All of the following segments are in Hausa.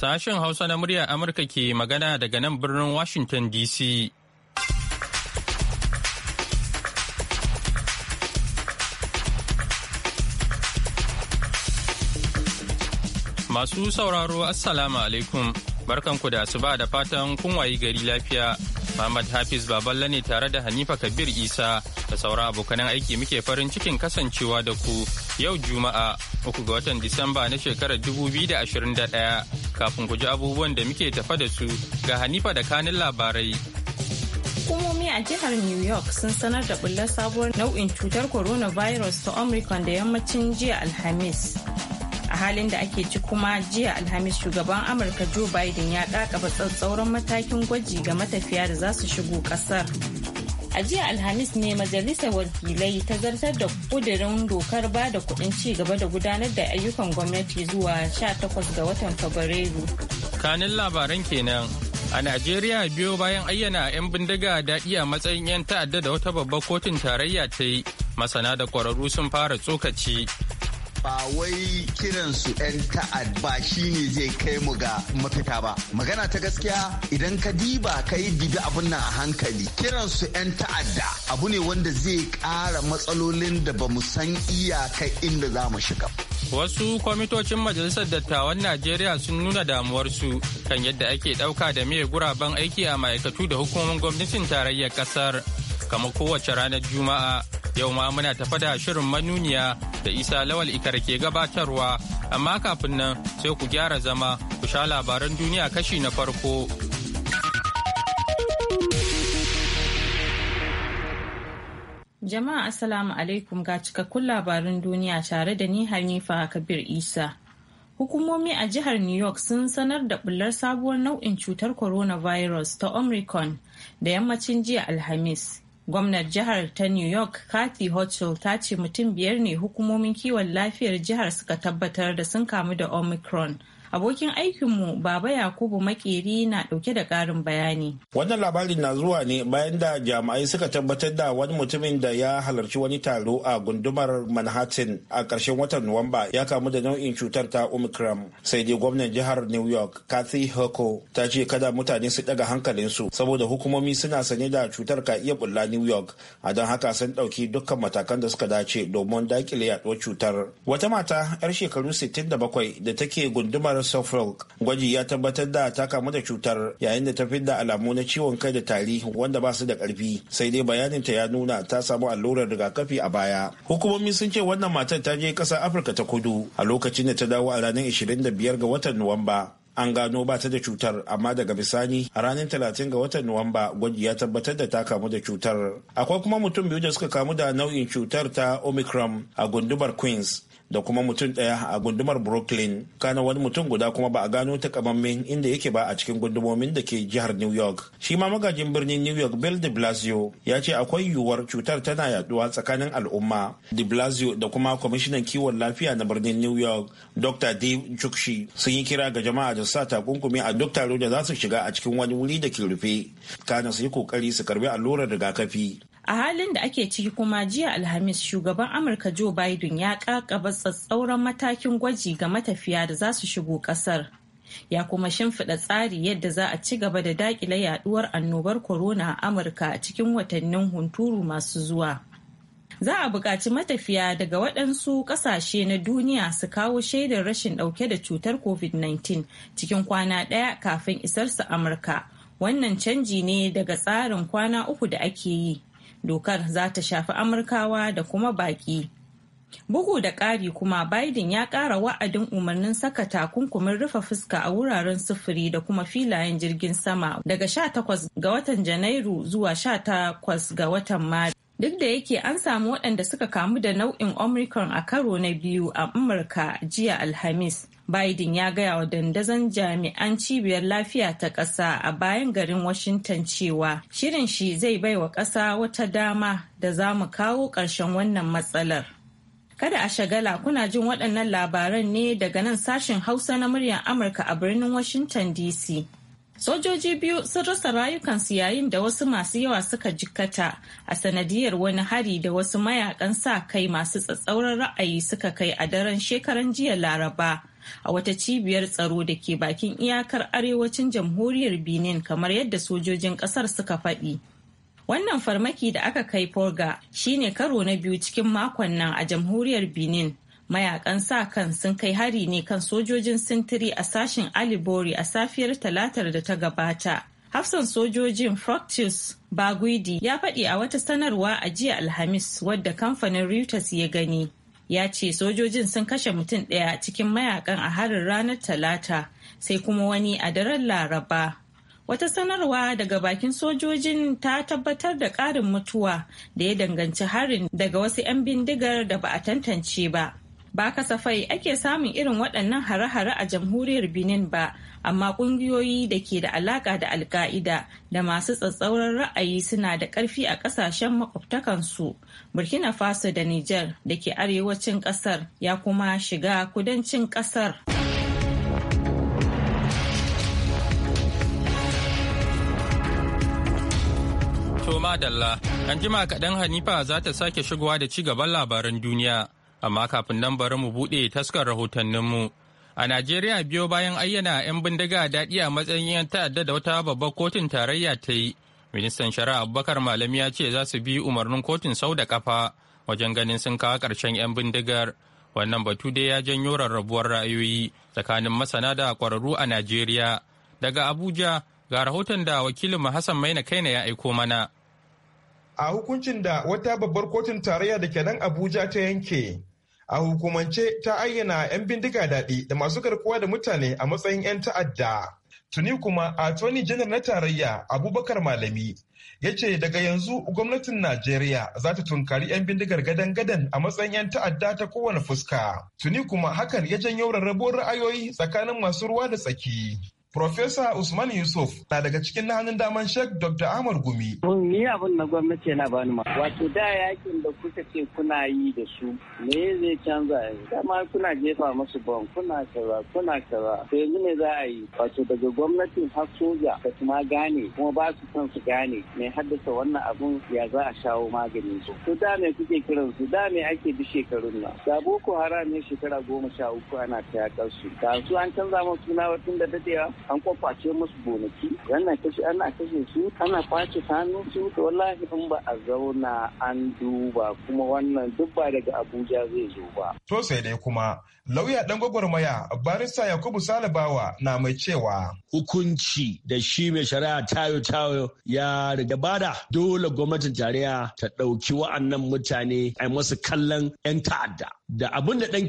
Sashen Hausa na muryar Amurka ke magana daga nan birnin Washington DC. Masu sauraro Assalamu alaikum barkanku da asuba da fatan kun gari lafiya. Muhammad Hafiz Baballa ne tare da Hanifa Kabir Isa da saura abokanan aiki muke farin cikin kasancewa da ku yau Juma'a uku ga watan Disamba na shekarar dubu biyu da da 2021 kafin ku ji abubuwan da muke tafa da su ga Hanifa da kanin labarai. Hukumomi a jihar New York sun sanar da bullar sabuwar nau'in cutar coronavirus ta Omicron da yammacin jiya Alhamis. A halin da ake ci kuma jiya Alhamis shugaban Amurka Joe Biden ya ɗakaba tsauran matakin gwaji ga matafiya da za su shigo ƙasar. A jiya Alhamis ne Majalisar Wakilai ta zartar da kudirin dokar ba da kuɗin ci gaba da gudanar da ayyukan gwamnati zuwa 18 ga watan Fabrairu. Kanin labaran kenan. A Najeriya biyo bayan ayyana 'yan bindiga daɗi a matsayin 'yan ta'adda da wata babbar kotun tarayya ta yi, masana da kwararru sun fara tsokaci. ba wai kiran su 'yan ta'ad ba ne zai kai mu ga mafita ba magana ta gaskiya idan ka diba ka yi dibi abun nan a hankali kiran su 'yan ta'adda abu ne wanda zai kara matsalolin da ba mu san iyaka inda za mu shiga Wasu kwamitocin Majalisar Dattawan Najeriya sun nuna damuwarsu kan yadda ake ɗauka da mai guraben aiki a ma'aikatu da hukumomin gwamnatin tarayyar kasar. kamar kowace ranar Juma'a yau ma muna tafa da shirin manuniya da Isa Lawal Ikar ke gabatarwa amma kafin nan sai ku gyara zama ku sha labaran duniya kashi na farko. Jama'a Assalamu alaikum ga cikakkun labarin duniya tare da ni Hanifa Kabir Isa. Hukumomi a jihar New York sun sanar da bullar sabuwar nau'in cutar coronavirus ta Omicron da yammacin jiya Alhamis, gwamnar jihar ta new york kathy hochul ta ce mutum biyar ne hukumomin kiwon lafiyar jihar suka tabbatar da sun kamu da omicron Abokin aikinmu Baba Yakubu Makeri na dauke da karin bayani. Wannan labarin na zuwa ne bayan da jami'ai suka tabbatar da wani mutumin da ya halarci wani taro a gundumar Manhattan a ƙarshen watan Nuwamba ya kamu da nau'in cutar ta Omicron. Sai dai gwamnan jihar New York Kathy hoko ta ce kada mutane su ɗaga hankalinsu saboda hukumomi suna sane da cutar ka iya bulla New York. A don haka sun ɗauki dukkan matakan da suka dace domin daƙile yaɗuwar cutar. Wata mata 'yar shekaru 67 da take gundumar jihar suffolk gwaji ya tabbatar da ta kamu da cutar yayin da ta fidda alamu na ciwon kai da tari wanda ba su da karfi sai dai bayanin ta ya nuna ta samu allurar rigakafi a baya hukumomi sun ce wannan matar ta je ƙasar afirka ta kudu a lokacin da ta dawo a ranar 25 ga watan nuwamba an gano ba ta da cutar amma daga bisani a ranar talatin ga watan nuwamba gwaji ya tabbatar da ta kamu da cutar akwai kuma mutum biyu da suka kamu da nau'in cutar ta omicron a gundumar queens da kuma mutum daya a gundumar brooklyn kana wani mutum guda kuma ba a gano takamammen inda yake ba a cikin gundumomin da ke jihar new york shi ma magajin birnin new york bill de blasio ya ce akwai yiwuwar cutar tana yaduwa tsakanin al'umma de blasio da kuma kwamishinan kiwon lafiya na birnin new york dr dave chukshi sun yi kira ga jama'a da sa takunkumi a duk taro da za su shiga a cikin wani wuri da ke rufe kana su yi kokari su karbi allurar rigakafi a halin da ake ciki kuma jiya alhamis shugaban amurka joe biden ya kakaba tsatsauran matakin gwaji ga matafiya da za su shigo kasar ya kuma shimfiɗa tsari yadda za a ci gaba da daƙile yaduwar annobar corona a amurka a cikin watannin hunturu masu zuwa za a buƙaci matafiya daga waɗansu ƙasashe na duniya su kawo shaidar rashin ɗauke da cutar covid-19 cikin kwana ɗaya kafin isarsa amurka wannan canji ne daga tsarin kwana uku da ake yi dokar za ta shafi amurkawa da kuma baƙi bugu da ƙari kuma biden ya ƙara wa'adin umarnin saka takunkumin rufe fuska a wuraren sufuri da kuma filayen jirgin sama daga 18 ga watan janairu zuwa 18 ga watan mari duk da yake an samu waɗanda suka kamu da nau'in omicron a karo na biyu a amurka jiya alhamis Biden ya gaya wa dandazon jami'an cibiyar lafiya ta ƙasa a bayan garin Washington cewa shirin shi zai bai wa ƙasa wata dama da za mu kawo ƙarshen wannan matsalar. Kada a shagala kuna jin waɗannan labaran ne daga nan sashen Hausa na muryar Amurka a birnin Washington DC. Sojoji biyu sun rasa rayukansu yayin da wasu masu yawa suka jikkata a sanadiyar wani hari da wasu mayakan sa kai masu tsatsauran ra'ayi suka kai a daren shekaran jiya Laraba a wata cibiyar tsaro da ke bakin iyakar arewacin jamhuriyar benin kamar yadda sojojin kasar suka faɗi wannan farmaki da aka kai forga shine karo na biyu cikin makon nan a jamhuriyar benin mayakan sa kan sun kai hari ne kan sojojin sintiri a sashen alibori a safiyar talatar da ta gabata hafsan sojojin fructus baguidi ya faɗi a wata sanarwa a jiya alhamis wadda kamfanin reuters ya gani ya ce sojojin sun kashe mutum ɗaya cikin mayakan a harin ranar talata sai kuma wani a daren laraba wata sanarwa daga bakin sojojin ta tabbatar da ƙarin mutuwa da ya danganci harin daga wasu 'yan bindigar da ba a tantance ba Ba kasafai ake samun irin waɗannan hare-hare a jamhuriyar Benin ba, amma ƙungiyoyi da ke da alaƙa da alka'ida da masu tsatsauran ra'ayi suna da ƙarfi a ƙasashen makwabtakansu. Burkina Faso da niger da ke arewacin ƙasar ya kuma shiga kudancin ƙasar. To madalla, an jima kaɗan Hanifa za ta sake shigowa da ci gaban labaran duniya. amma kafin nan bari mu buɗe taskar rahotanninmu. A Najeriya biyo bayan ayyana 'yan bindiga daɗi a matsayin 'yan ta'adda da wata babbar kotun tarayya ta yi, ministan shari'a Abubakar Malami ya ce za su bi umarnin kotun sau da kafa wajen ganin sun kawo ƙarshen 'yan bindigar. Wannan batu dai ya janyo rarrabuwar ra'ayoyi tsakanin masana da ƙwararru a Najeriya. Daga Abuja ga rahoton da wakilin Hassan Maina na ya aiko mana. A hukuncin da wata babbar kotun tarayya da ke nan Abuja ta yanke, a hukumance ta ayyana 'yan bindiga daɗi da masu garkuwa da mutane a matsayin 'yan ta'adda. Tuni kuma a Attorney janar na tarayya Abubakar Malami ya ce daga yanzu gwamnatin Najeriya za ta tunkari 'yan bindigar gadan-gadan a matsayin 'yan ta'adda ta kowane fuska. Tuni kuma hakan ya janyo rarrabuwar ra'ayoyi tsakanin masu ruwa da tsaki. Profesa Usman Yusuf na daga cikin na hannun daman Sheikh Dr. Ahmad Gumi. Mun yi abin na gwamnati yana bani ma. Wato da yakin da kuka ce kuna yi da su me zai canza yanzu? Dama kuna jefa masu ban, kuna kaza kuna kaza. To yanzu me za a yi? Wato daga gwamnatin har soja ka kuma gane kuma ba su son su gane me haddasa wannan abun ya za a shawo maganin su. To da me kuke kiran su da me ake bi shekarun nan. Da Boko Haram ne shekara goma sha uku ana ta yakar su. Da su an canza musu suna watan da dadewa. an kwakwace musu gonaki yana kashe ana kashe su ana kwace sanu su to wallahi in ba a zauna an duba kuma wannan duk ba daga Abuja zai zo ba. To sai dai kuma lauya ɗan gwagwarmaya barista Yakubu salibawa, na mai cewa hukunci da shi mai shari'a tayo tayo ya riga bada dole gwamnatin tarayya ta ɗauki wa'annan mutane a masu kallon 'yan ta'adda da abin da ɗan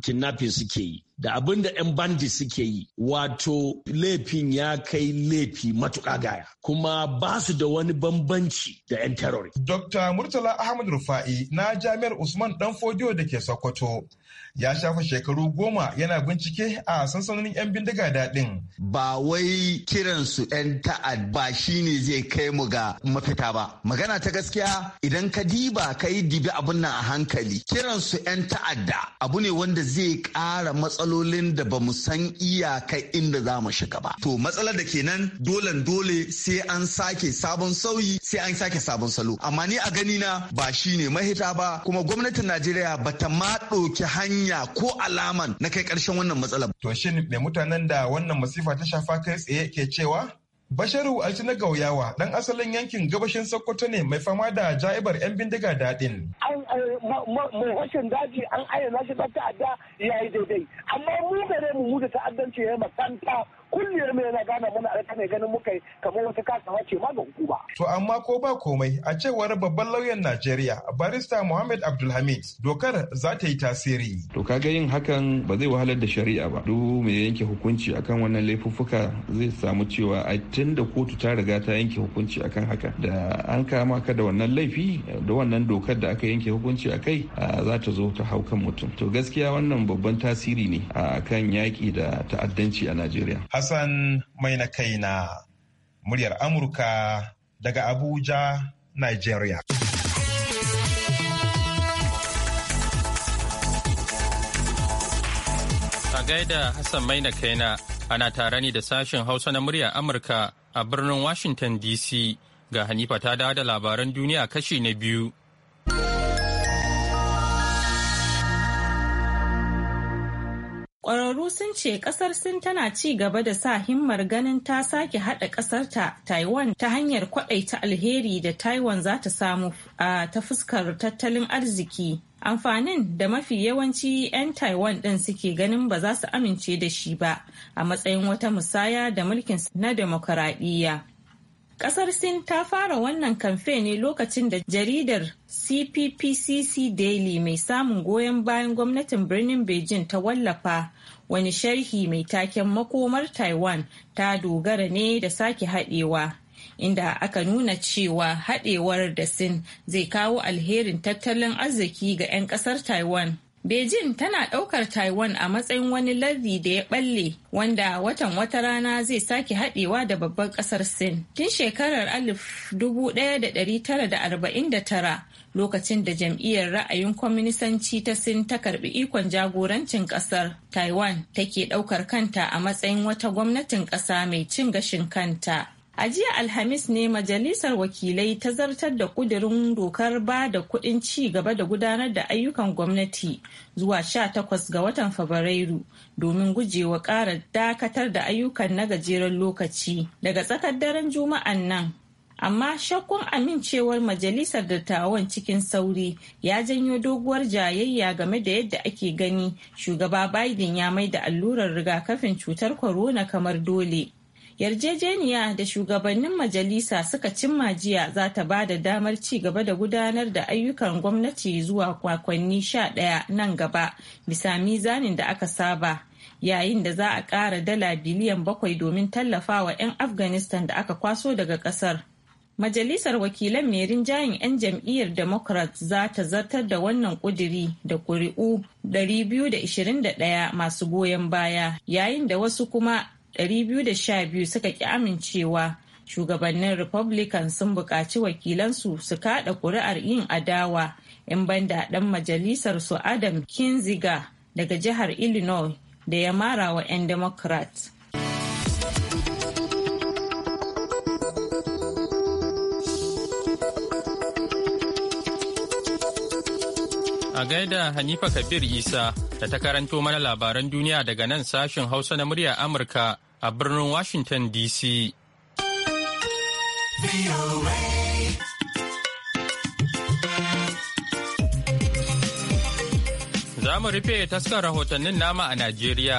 kidnapping suke yi da abin da 'yan bandi suke yi wato laifin ya kai laifi matuƙa gaya kuma ba su da wani bambanci da 'yan terrorist. Dr. Murtala Ahmad Rufa'i na Jami'ar Usman Danfodiyo da ke Sokoto ya shafa shekaru goma yana bincike a sansanonin 'yan bindiga daɗin. Ba wai kiran su 'yan ta'ad ba shi ne zai kai mu ga mafita ba. Magana ta gaskiya idan ka diba ka yi dibi abin nan a hankali. Kiran su 'yan ta'adda abu ne wanda zai ƙara matsalolin da ba mu san kai inda za mu shiga ba. To matsalar da kenan dolen dole sai an sake sabon sauyi sai an sake sabon salo. Amma ni a gani na ba shi ne mahita ba kuma gwamnatin Najeriya ba ta ma ɗauki hanya hanya ko alaman na kai ƙarshen wannan matsalar. To shin me mutanen da wannan masifa ta shafa kai tsaye ke cewa? Basharu Altina Gauyawa dan asalin yankin gabashin Sokoto ne mai fama da ja'ibar 'yan bindiga daɗin. Mai daji an ayyana shi ta ta'adda yayi daidai, amma mu gare mu mu da ta'addanci ya yi makanta kulliyar mai yana gane mana a ne ganin muka kamar wata kasawa ce ma ga hukuma. To amma ko ba komai a cewar babban lauyan Najeriya barista Muhammad Abdulhamid dokar za ta yi tasiri. To ga yin hakan ba zai wahalar da shari'a ba. Duk mai yanke hukunci akan wannan laifuffuka zai samu cewa a tun da kotu ta riga ta yanke hukunci akan haka da an kama ka da wannan laifi da wannan dokar da aka yanke hukunci a kai za ta zo ta haukan mutum. To gaskiya wannan babban tasiri ne a kan yaƙi da ta'addanci a Najeriya. Hassan mai na kaina muryar Amurka daga Abuja, Nigeria. A gaida Hassan mai na kaina ana tare ne da sashen Hausa na muryar Amurka a birnin Washington DC ga Hanifa ta dawo da labaran duniya kashi na biyu. Ƙwararru sun ce ƙasar Sin tana ci gaba da sa himmar ganin ta sake haɗa ƙasarta Taiwan ta hanyar ta alheri da Taiwan za ta samu a ta fuskar tattalin arziki. Amfanin da mafi yawanci 'yan Taiwan ɗin suke ganin ba za su amince da shi ba a matsayin wata musaya da mulkin na demokaraɗiyya. Kasar Sin ta fara wannan kamfe ne lokacin da jaridar CPPCC Daily mai samun goyon bayan gwamnatin birnin Beijing ta wallafa wani sharhi mai taken makomar Taiwan ta dogara ne da sake haɗewa. Inda aka nuna cewa haɗewar da Sin zai kawo alherin tattalin arziki ga 'yan ƙasar Taiwan. Beijing tana ɗaukar Taiwan a matsayin wani lardi da ya ɓalle wanda watan wata rana zai sake haɗewa da babbar ƙasar Sin. Tun shekarar 1949 lokacin da jam'iyyar ra'ayin kwaminisanci ta Sin ta karɓi ikon jagorancin ƙasar, Taiwan take ɗaukar kanta a matsayin wata gwamnatin ƙasa mai cin gashin kanta. A jiya Alhamis ne Majalisar Wakilai ta zartar da kudirin dokar ba da kudin ci gaba da gudanar da ayyukan gwamnati zuwa 18 ga watan Fabrairu domin gujewa ƙara dakatar da ayyukan na gajeren lokaci daga tsakar daren Juma'an nan. Amma shakkun amincewar Majalisar Dattawan cikin sauri ya janyo doguwar jayayya game da yadda ake gani shugaba Biden ya mai da allurar rigakafin cutar corona kamar dole. yarjejeniya da shugabannin majalisa suka cimma jiya za ta ba da damar ci gaba da gudanar da ayyukan gwamnati zuwa kwakwanni sha ɗaya nan gaba bisa mizanin da aka saba yayin da za a ƙara dala biliyan bakwai domin tallafawa 'yan afghanistan da aka kwaso daga ƙasar majalisar wakilan mai rinjayen 'yan jam'iyyar democrat za ta zartar da wannan kuduri da kuri'u 221 masu goyon baya yayin da wasu kuma 212 suka ki amincewa shugabannin republican sun buƙaci wakilansu su kaɗa ƙuri'ar yin adawa in banda ɗan majalisar su adam kinziga daga jihar illinois da ya mara wa 'yan democrat a gaida hanifa kabir isa da ta karanto mana labaran duniya daga nan sashen hausa na murya amurka a birnin Washington DC. Za mu rufe taskar rahotannin nama a Najeriya.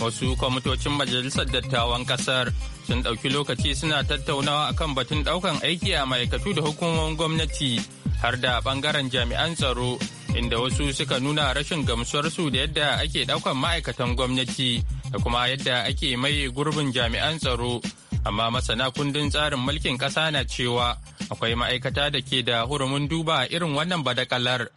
Wasu kwamitocin Majalisar Dattawan Kasar sun ɗauki lokaci suna tattaunawa akan batun ɗaukan aiki a ma'aikatu da hukumomin gwamnati har da ɓangaren jami'an tsaro inda wasu suka nuna rashin gamsuwar su da yadda ake ɗaukan ma'aikatan gwamnati da kuma yadda ake mai gurbin jami'an tsaro amma masana kundin tsarin mulkin ƙasa na cewa akwai ma'aikata da ke da hurumin duba irin wannan badakalar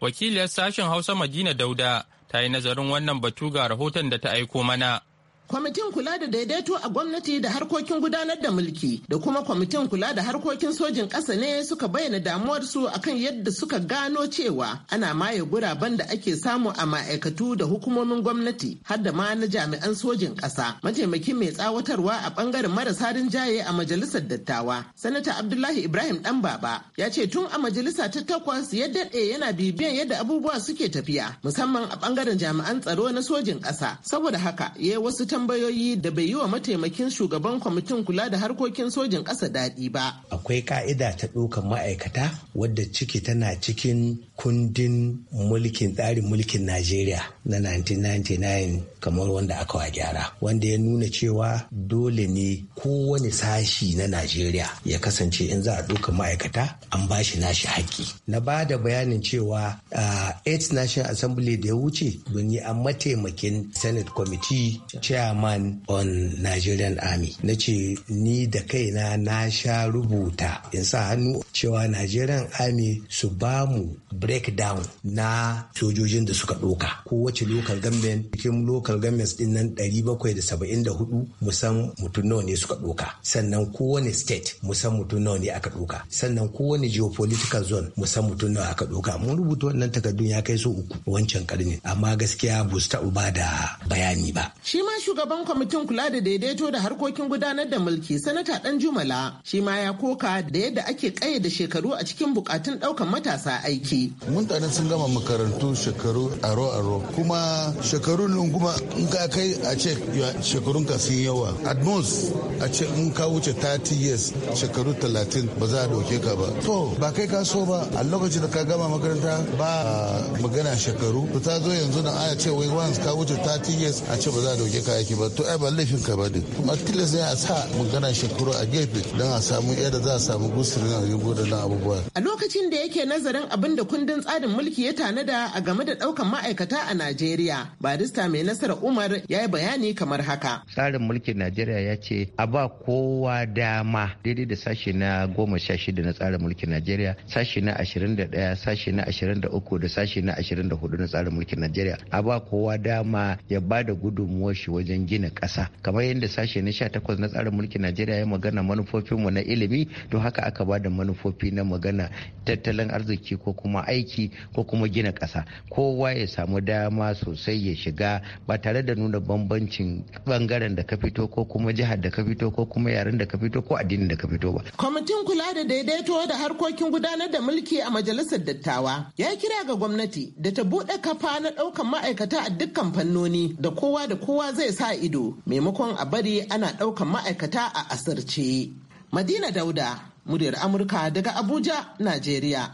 wakiliyar sashen hausa madina dauda ta yi nazarin wannan batu ga rahoton da ta aiko mana kwamitin kula da daidaito a gwamnati da harkokin gudanar da mulki da kuma kwamitin kula da harkokin sojin ƙasa ne suka bayyana damuwarsu akan yadda suka gano cewa ana maye guraben da ake samu a ma'aikatu da hukumomin gwamnati har da ma na jami'an sojin ƙasa mataimakin mai tsawatarwa a bangaren marasa rinjaye a majalisar dattawa sanata abdullahi ibrahim dan baba ya ce tun a majalisa ta takwas ya daɗe yana bibiyan yadda abubuwa suke tafiya musamman a bangaren jami'an tsaro na sojin ƙasa saboda haka ya wasu tambayoyi da bai yi wa mataimakin shugaban kwamitin kula da harkokin sojin ƙasa daɗi ba. Akwai ka'ida ta ɗaukar ma'aikata wadda ciki tana cikin kundin mulkin tsarin mulkin Najeriya na 1999 kamar wanda aka wa gyara wanda ya nuna cewa dole ne kowane sashi na Najeriya ya kasance in za a ɗauka ma'aikata an ba shi nashi haƙƙi. Na ba da bayanin cewa uh, 8 National Assembly da ya wuce don yi an mataimakin Senate Committee Chairman on Nigerian Army. Na ce ni da kaina na sha rubuta in sa hannu cewa Nigerian Army su ba mu breakdown na sojojin da suka ɗoka kowace local government cikin local governments din nan 774 musan mutum nawa ne suka ɗoka sannan kowane state musan mutum nawa ne aka ɗoka sannan kowane geopolitical zone musan mutum nawa aka ɗoka mun rubuta wannan takardun ya kai so uku wancan karni amma gaskiya ba su taɓa ba da bayani ba. shi ma shugaban kwamitin kula da daidaito da harkokin gudanar da mulki sanata dan jumala shi ma ya koka da yadda ake ƙayyade shekaru a cikin bukatun ɗaukar matasa aiki mutane sun gama makarantu shekaru aro-aro kuma shekarun nan kuma in ka kai a ce shekarun ka sun yawa at most a ce in ka wuce 30 years shekaru 30 ba za a dauke ka ba to ba kai ka so ba a lokacin da ka gama makaranta ba magana shekaru to ta zo yanzu na aya ce wai once ka wuce 30 years a ce ba za a dauke ka yake ba to ai ba laifin ka ba din kuma tilas ne a sa magana shekaru a gefe don a samu yadda za a samu gusirin a yi gudanar abubuwa a lokacin da yake nazarin abin da kun kundin tsarin mulki ya tanada a game da ɗaukan ma'aikata a Najeriya. Barista mai nasara Umar ya yi bayani kamar haka. Tsarin mulkin Najeriya ya ce a ba kowa dama daidai da sashi na goma sha shida na tsarin mulkin Najeriya, sashi na ashirin da ɗaya, sashi na ashirin da uku da sashi na ashirin da hudu na tsarin mulkin Najeriya. A ba kowa dama ya ba da gudunmuwar shi wajen gina ƙasa. Kamar yadda sashi na sha takwas na tsarin mulkin Najeriya ya magana manufofinmu na ilimi, to haka aka ba da manufofi na magana tattalin arziki ko kuma aiki aiki ko kuma gina ƙasa kowa ya samu dama sosai ya shiga ba tare da nuna bambancin bangaren da ka fito ko kuma jihar da ka fito ko kuma yaren da ka fito ko addinin da ka fito ba. kwamitin kula da daidaito da harkokin gudanar da mulki a majalisar dattawa ya kira ga gwamnati da ta buɗe kafa na ɗaukan ma'aikata a dukkan fannoni da kowa da kowa zai sa ido maimakon a bari ana ɗaukan ma'aikata a asirce. Madina Dauda, muryar Amurka daga Abuja, Najeriya.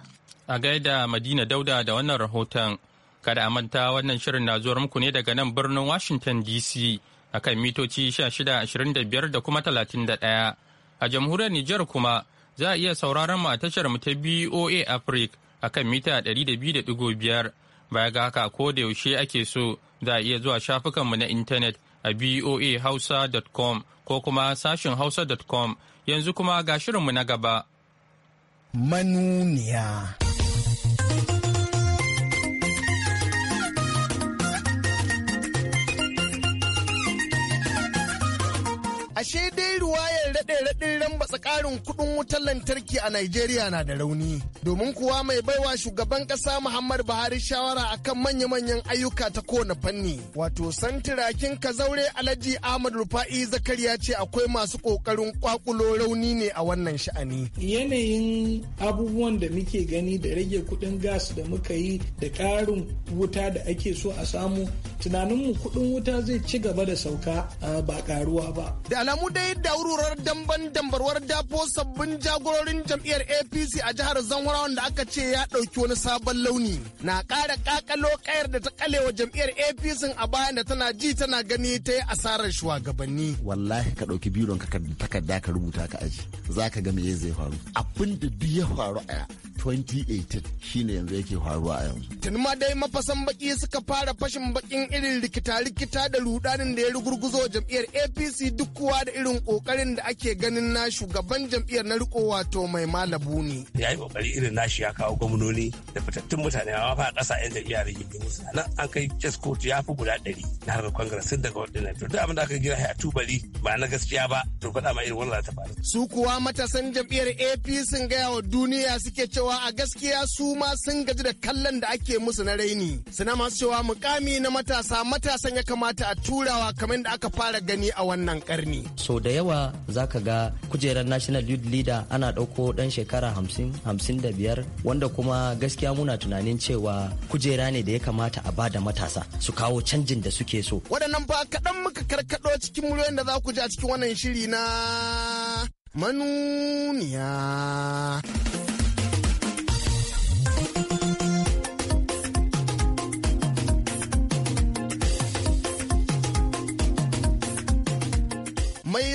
A gaida Madina Dauda da wannan rahoton. Kada a manta wannan shirin na zuwar muku ne daga nan birnin Washington DC a kan mitoci 1625 da kuma 31. A jamhuriyar Nijar kuma za a iya sauraron mu a tashar mu ta BOA Africa a kan mita 200.5. Baya ga haka ko da yaushe ake so za a iya zuwa shafukanmu na intanet a boahausa.com ko kuma sashin hausa.com yanzu kuma ga shirinmu na gaba. Manuniya. ashe dai ruwayar raɗe-raɗin rambatsa ƙarin kuɗin wutar lantarki a Najeriya na da rauni. Domin kuwa mai baiwa shugaban ƙasa Muhammad Buhari shawara akan manya-manyan ayyuka ta kowane fanni. Wato santirakin kazaure Alhaji Ahmad Rufa'i Zakariya ce akwai masu ƙoƙarin ƙwaƙulo rauni ne a wannan sha'ani. Yanayin abubuwan da muke gani da rage kuɗin gas da muka yi da ƙarin wuta da ake so a samu tunaninmu kuɗin wuta zai ci gaba da sauka ah, ba ƙaruwa ba. Da alamu dai daururar damban dambarwar dafo sabbin jagororin jam'iyyar apc a jihar zamfara wanda aka ce ya ɗauki wani sabon launi na ƙara ƙaƙalo ƙayar da ta ƙalewa jam'iyyar apc a bayan da tana ji tana gani ta yi asarar shugabanni wallahi ka ɗauki biron ka takarda ka rubuta ka aji za ka ga me zai faru abin da duk ya faru a 2018 shine yanzu yake faruwa a yanzu. Tun ma dai mafasan baki suka fara fashin bakin irin rikita-rikita da rudanin da ya rugurguzo jam'iyyar APC duk kuwa da irin kokarin da ake ganin na shugaban jam'iyyar na riko wato mai malabu ne. Ya yi kokari irin nashi ya kawo gwamnoni da fitattun mutane amma fa ƙasa 'yan jam'iyyar da gindin musu. nan an kai chess court ya fi guda ɗari na harkar congress sun daga waɗannan to duk abin da aka gina a tubali ba na gaskiya ba to faɗa ma irin wannan ta faru. Su kuwa matasan jam'iyyar AP sun gaya wa duniya suke cewa a gaskiya su ma sun gaji da kallon da ake musu na raini. Suna masu cewa mukami na matasa matasan ya kamata a turawa kamar da aka fara gani a wannan karni. So da yawa za ka ga kujerar national youth leader ana ɗauko ɗan shekara hamsin hamsin da biyar wanda kuma gaskiya muna tunanin cewa kujera ne da ya kamata a bada matasa su kawo canjin da suke so waɗannan ba kaɗan muka karkaɗo cikin muryoyin da za ku ji a cikin wannan shiri na manuniya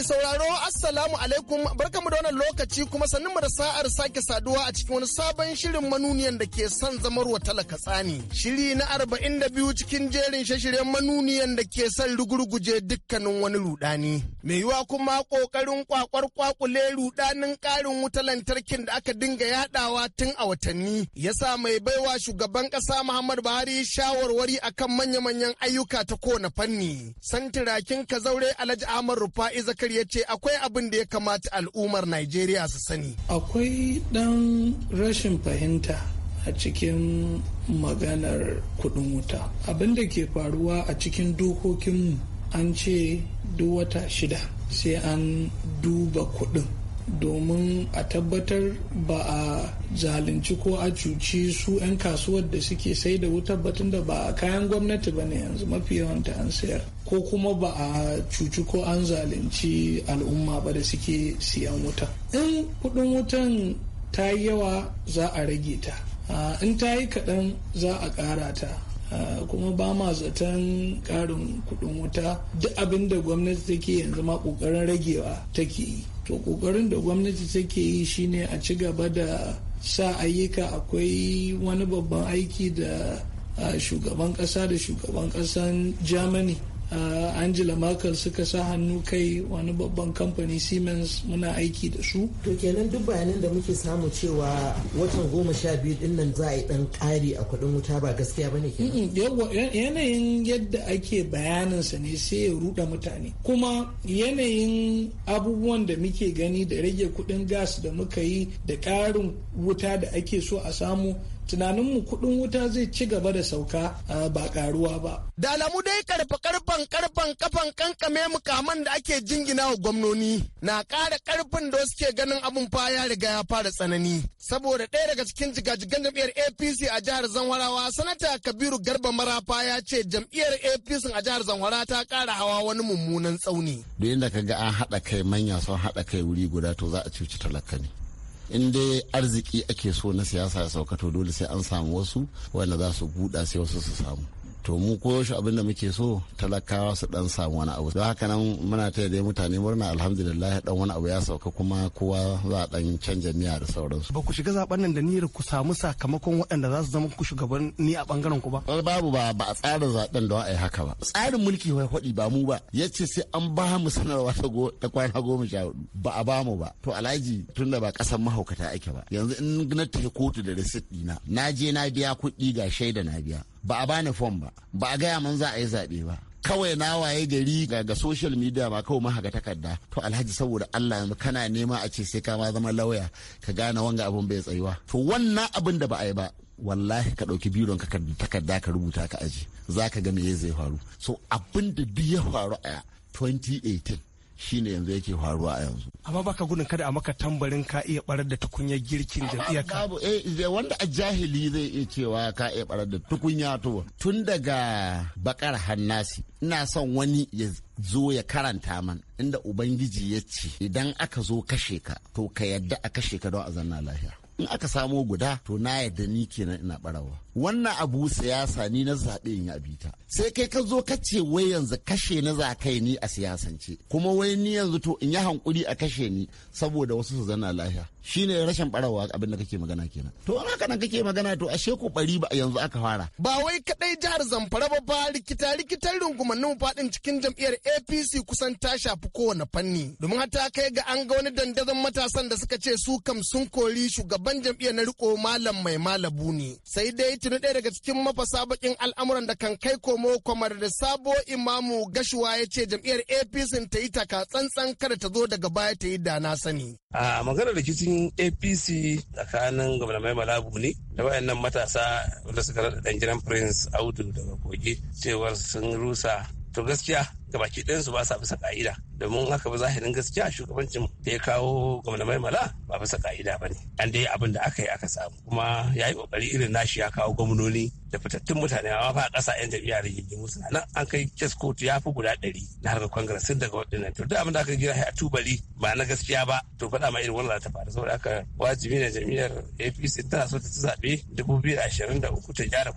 sauraro assalamu alaikum barkamu da wannan lokaci kuma sannunmu da sa'ar sake saduwa a cikin wani sabon shirin manuniyan da ke son zamarwa talaka tsani. Shiri na arba'in da biyu cikin jerin shashiryen manuniyan da ke son rugurguje dukkanin wani rudani. Mai yiwa kuma kokarin kwakwar kwakule rudanin karin wutar lantarkin da aka dinga yadawa tun a watanni yasa mai baiwa shugaban kasa Muhammad Buhari shawarwari akan manya-manyan ayyuka ta kowane fanni. Santirakin kazaure Alhaji Ahmad Rufa'i Zakari Abubakar ya ce akwai abin da ya kamata al'ummar Najeriya su sani. Akwai ɗan rashin fahimta a cikin maganar kuɗin wuta. Abin da ke faruwa a cikin dokokinmu an ce duk wata shida sai an duba kuɗin. domin a tabbatar ba a zalunci ko a cuci su 'yan kasuwar da suke sai da wutar batun da ba a kayan gwamnati ba ne yanzu mafi yawanta an sayar ko kuma ba a cuci ko an zalunci al'umma ba da suke siyan wuta in kudin wutan ta yi yawa za a rage ta ah, in ta yi kaɗan za a ƙara ta Ah, kuma ba ma zaton karin kuɗin wuta duk abin da gwamnati take yanzu ma kokarin ragewa take yi to ƙoƙarin da gwamnati take yi shine a ci gaba da sa ayyuka akwai wani babban aiki da ah, shugaban ƙasa da shugaban ƙasan germany angela merkel suka sa hannu kai wani babban kamfani siemens muna aiki da su to kenan duk bayanan da muke samu cewa watan goma sha biyu din nan za a yi dan kari a kudin wuta ba gaskiya bane ne yanayin yadda ake bayanin sa ne sai ya ruda mutane kuma yanayin abubuwan da muke gani da rage kudin gas da muka yi da karin wuta da ake so a samu tunaninmu kuɗin wuta zai ci gaba da sauka ba karuwa ba. Da alamu dai karfa karfan karfan kafan kankame mukaman da ake jingina wa gwamnoni na kara karfin da suke ganin abun fa ya riga ya fara tsanani. Saboda ɗaya daga cikin jigajigan jam'iyyar APC a jihar Zamfarawa sanata Kabiru Garba Marafa ya ce jam'iyyar APC a jihar Zamfara ta kara hawa wani mummunan tsauni. Da yadda ka ga an haɗa kai manya sun haɗa kai wuri guda to za a cuci talaka ne. in dai arziki ake so na siyasa ya sauka to dole sai an samu wasu wanda za su buɗa sai wasu su samu to mu koyaushe abin da muke so talakawa su dan samu wani abu don haka nan muna ta dai mutane murna alhamdulillah dan wani abu ya sauka kuma kowa za a dan canja miya da sauransu ba ku shiga zaben nan da niyyar ku samu sakamakon waɗanda za su zama ku shugaban ni a bangaren ku ba babu ba ba a tsara zaben don a haka ba tsarin mulki wai faɗi ba mu ba yace sai an ba mu sanarwa ta kwana goma sha ba a ba mu ba to alhaji tunda ba kasan mahaukata ake ba yanzu in na tafi kotu da receipt dina na je na biya kuɗi ga shaida na biya ba a bani fom ba ba a gaya man za a yi zaɓe ba kawai na waye gari ga social media ba kawai mahaga takarda to alhaji saboda Allah yanzu kana nema a ce sai ka ma zama lauya ka gane wanga abin bai tsayuwa to wannan abin da ba a yi ba wallahi ka ɗauki biron ka takarda ka rubuta ka aji za ka ga me zai faru so abin da duk ya faru a 2018 shine yanzu yake faruwa a yanzu amma baka gudun kada a maka tambarin ka iya barar da tukunya girkin jam'iyyar ka babu eh wanda a jahili zai iya cewa ka iya barar da tukunya to tun daga bakar hannasi ina son wani ya zo ya karanta man inda ubangiji ya ce idan aka zo kashe ka to ka yadda a kashe ka don a zanna lafiya in aka samo guda to na yadda ni kenan ina barawa wannan abu siyasa ni na zaɓe in yi bita sai kai ka zo ka ce wai yanzu kashe na za kai ni a siyasance kuma wai ni yanzu to in yi hankuri a kashe ni saboda wasu su zana lahiya. shine rashin barawa abin da kake magana kenan to an haka nan kake magana to ashe ku bari ba yanzu aka fara ba wai kadai jihar Zamfara ba ba rikita rikitar rungumannin fadin cikin jam'iyyar APC kusan ta shafi kowane fanni domin ta kai ga an ga wani dandazon matasan da suka ce su kam sun kori shugaban jam'iyyar na riko malam mai malabu ne sai dai tuni ɗaya daga cikin mafasa bakin al'amuran da kan kai komo kwamar da sabo imamu gashuwa ya ce jam'iyyar APC ta yi taka tsantsan kada ta zo daga baya ta yi da na sani a maganar rikicin cikin apc tsakanin gwamnati mai malabu ne da wayannan matasa da suka rada dan gidan prince audu daga kogi cewar sun rusa to gaskiya gabaki ɗayansu ba sa bisa ka'ida domin haka ba zahirin gaskiya shugabancin da ya kawo gwamna maimala ba bisa ka'ida ba ne an dai abin da aka yi aka samu kuma ya yi kokari irin nashi ya kawo gwamnoni da fitattun mutane amma ba ƙasa yan jam'iyya da yin musu nan an kai kes kotu ya fi guda ɗari na harkar kwangaras sun daga waɗannan to duk abin da aka gina a tubali ba na gaskiya ba to faɗa ma irin wannan ta faru saboda haka wajibi ne jam'iyyar apc tana so ta ci zaɓe dubu biyu da ashirin da uku ta gyara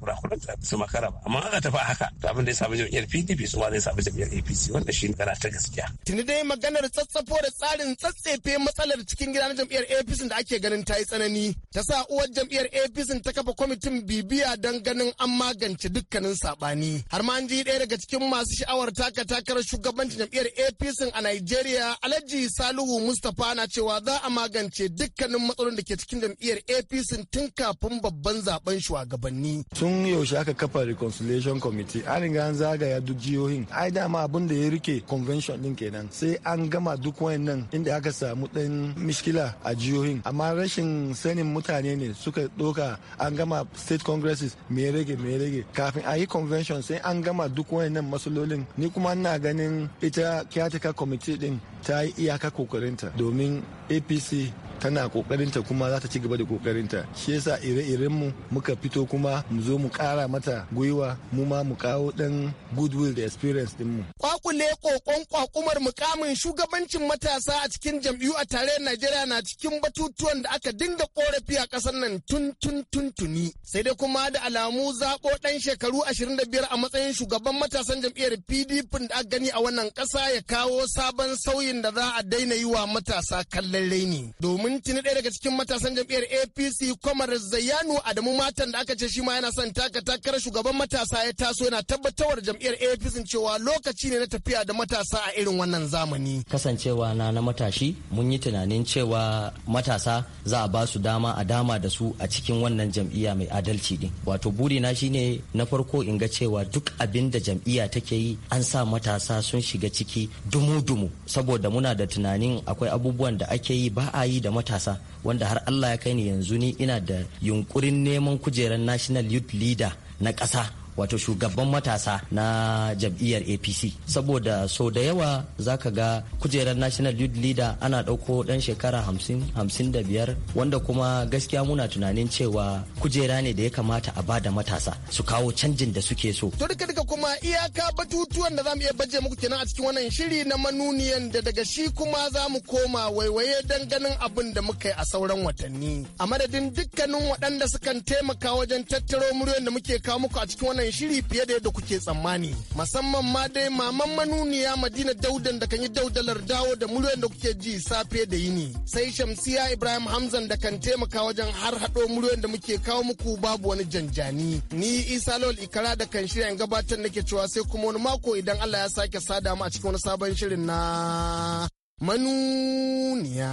ta su makara ba amma aka tafi haka to abin da ya samu jam'iyyar pdp su ma zai samu jam'iyyar apc apc wanda shi ne ta gaskiya tuni dai maganar tsatsafo da tsarin tsatsefe matsalar cikin gida na jam'iyyar apc da ake ganin ta yi tsanani ta sa uwar jam'iyyar apc ta kafa kwamitin bibiya don ganin an magance dukkanin saɓani har ma an ji ɗaya daga cikin masu sha'awar taka takarar shugabancin jam'iyyar apc a Najeriya alhaji salihu mustapha na cewa za a magance dukkanin matsalolin da ke cikin jam'iyyar apc tun kafin babban zaben shugabanni tun yaushe aka kafa reconciliation committee an riga an zagaya duk jihohin ai dama abin da ya rike convention din kenan sai an gama duk wayannan inda aka samu dan mishkila a jihohin amma rashin sanin mutane ne suka doka an gama state congresses me rage me rage kafin a yi convention sai an gama duk wayannan masalolin ni kuma ina ganin ita caretaker committee din ta yi iyaka kokarinta domin apc tana kokarinta kuma za ta ci gaba da kokarinta shi yasa ire-iren mu muka fito kuma mu zo mu kara mata gwiwa mu ma mu kawo dan goodwill da experience din mu kwakule kokon kwakumar mukamin shugabancin matasa a cikin jam'iyyu a tarayyar Najeriya na cikin batutuwan da aka dinga korafi a kasar nan tun tun tun tuni sai dai kuma da alamu zaƙo dan shekaru 25 a matsayin shugaban matasan jam'iyyar PDP da aka gani a wannan kasa ya kawo sabon sauyin da za a daina yi wa matasa kallon raini domin minti na ɗaya daga cikin matasan jam'iyyar apc kwamar zayyanu adamu matan da aka ce shi ma yana son taka takarar shugaban matasa ya taso yana tabbatarwar jam'iyyar apc cewa lokaci ne na tafiya da matasa a irin wannan zamani kasancewa na na matashi mun yi tunanin cewa matasa za a ba su dama a dama da su a cikin wannan jam'iyya mai adalci din wato na shine na farko in ga cewa duk abin da jam'iyya take yi an sa matasa sun shiga ciki dumu-dumu saboda muna da tunanin akwai abubuwan da ake yi ba a yi da matasa wanda har Allah ya kai ni yanzu ni ina da yunkurin neman kujerar National Youth Leader na ƙasa wato shugaban matasa na jam'iyyar apc saboda so da yawa zaka ga kujerar national youth leader ana ɗauko ɗan shekara hamsin hamsin da biyar wanda kuma gaskiya muna tunanin cewa kujera ne da ya kamata a bada matasa su kawo canjin da suke so to duka duka kuma iyaka batutuwan da zamu iya baje muku kenan a cikin wannan shiri na manuniyan da daga shi kuma za mu koma waiwaye dan ganin abin da muka yi a sauran watanni a madadin dukkanin waɗanda sukan taimaka wajen tattaro muryoyin da muke kawo muku a cikin wannan wannan shiri fiye da yadda kuke tsammani. Musamman ma dai maman manuniya Madina Daudan da kan yi daudalar dawo da muryoyin da kuke ji safe da yini. Sai Shamsiya Ibrahim Hamzan da kan taimaka wajen har haɗo muryoyin da muke kawo muku babu wani janjani. Ni Isa lol Ikara da kan shirya gabatar nake cewa sai kuma wani mako idan Allah ya sake sada mu a cikin wani sabon shirin na manuniya.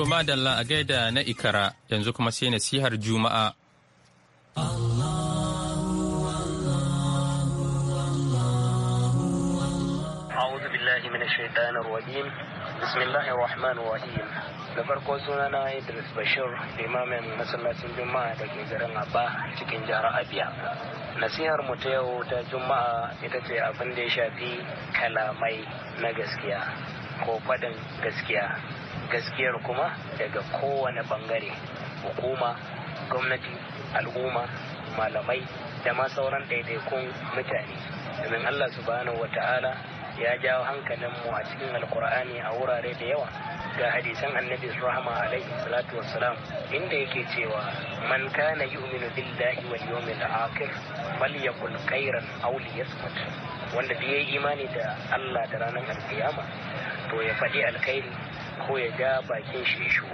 To madalla a gaida na ikara yanzu kuma sai nasihar juma'a. أعوذ بالله من الشيطان الرجيم بسم الله الرحمن الرحيم da farko sunana Idris Bashir limamin masallacin Juma'a da ke garin Abba cikin jihar Abia nasihar mu ta yau ta Juma'a ita ce abin da ya shafi kalamai na gaskiya ko faɗin gaskiya gaskiyar kuma daga kowane bangare hukuma gwamnati al'umma malamai da ma sauran ɗaiɗaikun mutane domin allah subhanahu wata'ala ya jawo hankalinmu a cikin alkur'ani a wurare da yawa ga hadisan annabi rahama alaihi salatu wassalam inda yake cewa man kana yu'minu billahi wal yawmil akhir falyakul khairan aw liyasmut wanda da yayi imani da Allah da ranar alkiyama to ya faɗi alkhairi ko ya ja bakin shi shi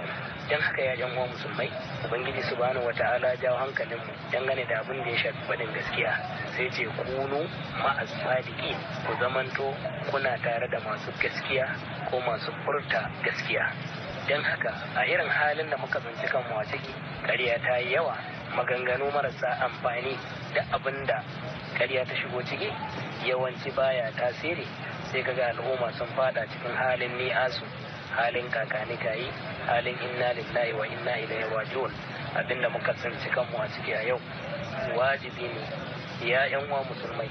don haka ya jan uwan musulmai ubangiji subhanahu wata'ala jawo hankalin mu dangane da abin da ya shafi fadin gaskiya sai ce kunu ma'as sadiki ku zamanto kuna tare da masu gaskiya ko masu furta gaskiya don haka a irin halin da muka zanci kan a ciki ƙarya ta yi yawa maganganu marasa amfani da abin da ƙarya ta shigo ciki yawanci baya tasiri sai kaga al'umma sun fada cikin halin ni'asu halin kakani yi halin inna lillahi wa inna ilaihi raji'un abinda muka tsinci kanmu a ciki a yau wajibi ne ya yan uwa musulmai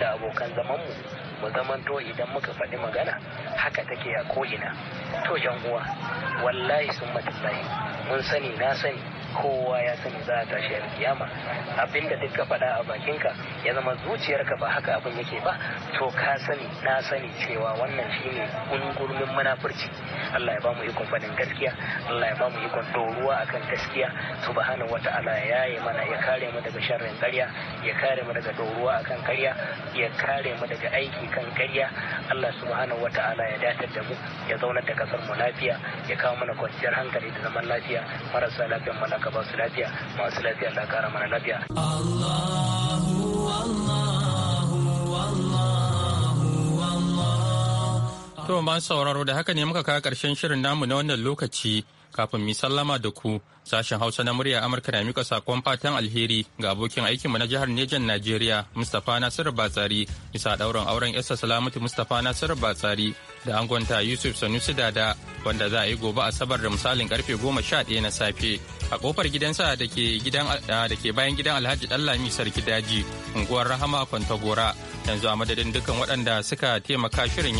da abokan zamanmu mu zamanto idan muka faɗi magana haka take a ko'ina to yan uwa wallahi sun matallahi mun sani na sani kowa ya sani za a tashi alkiyama abinda da duka faɗa a bakinka ya zama zuciyarka ba haka abin yake ba to ka sani na sani cewa wannan shine ungurmin munafurci Allah ya bamu ikon fadin gaskiya Allah ya bamu ikon doruwa akan gaskiya subhanahu wata'ala ya yi mana ya kare mu daga sharrin karya ya kare mu daga doruwa akan karya ya kare mu daga aiki kan karya Allah subhanahu wata'ala ya datar da mu ya zaunar da kasar mu lafiya ya kawo mana kwanciyar hankali da zaman lafiya marasa lafiyar mana ka ba su lafiya masu lafiya Allah kara mana lafiya To ban sauraro da haka ne muka kawo ƙarshen shirin namu na wannan lokaci kafin mu sallama da ku sashen Hausa na murya Amurka na mika sakon fatan alheri ga abokin aikinmu na jihar Nejan Najeriya Mustapha Nasiru Batsari bisa dauran auren Yasa Salamatu Mustapha Nasiru Batsari da angonta Yusuf Sanusi Dada wanda za a yi gobe Asabar da misalin karfe goma sha ɗaya na safe a kofar gidansa da ke da ke bayan gidan Alhaji Dallami Sarki Daji unguwar Rahama Kwantagora yanzu a madadin dukkan waɗanda suka taimaka shirin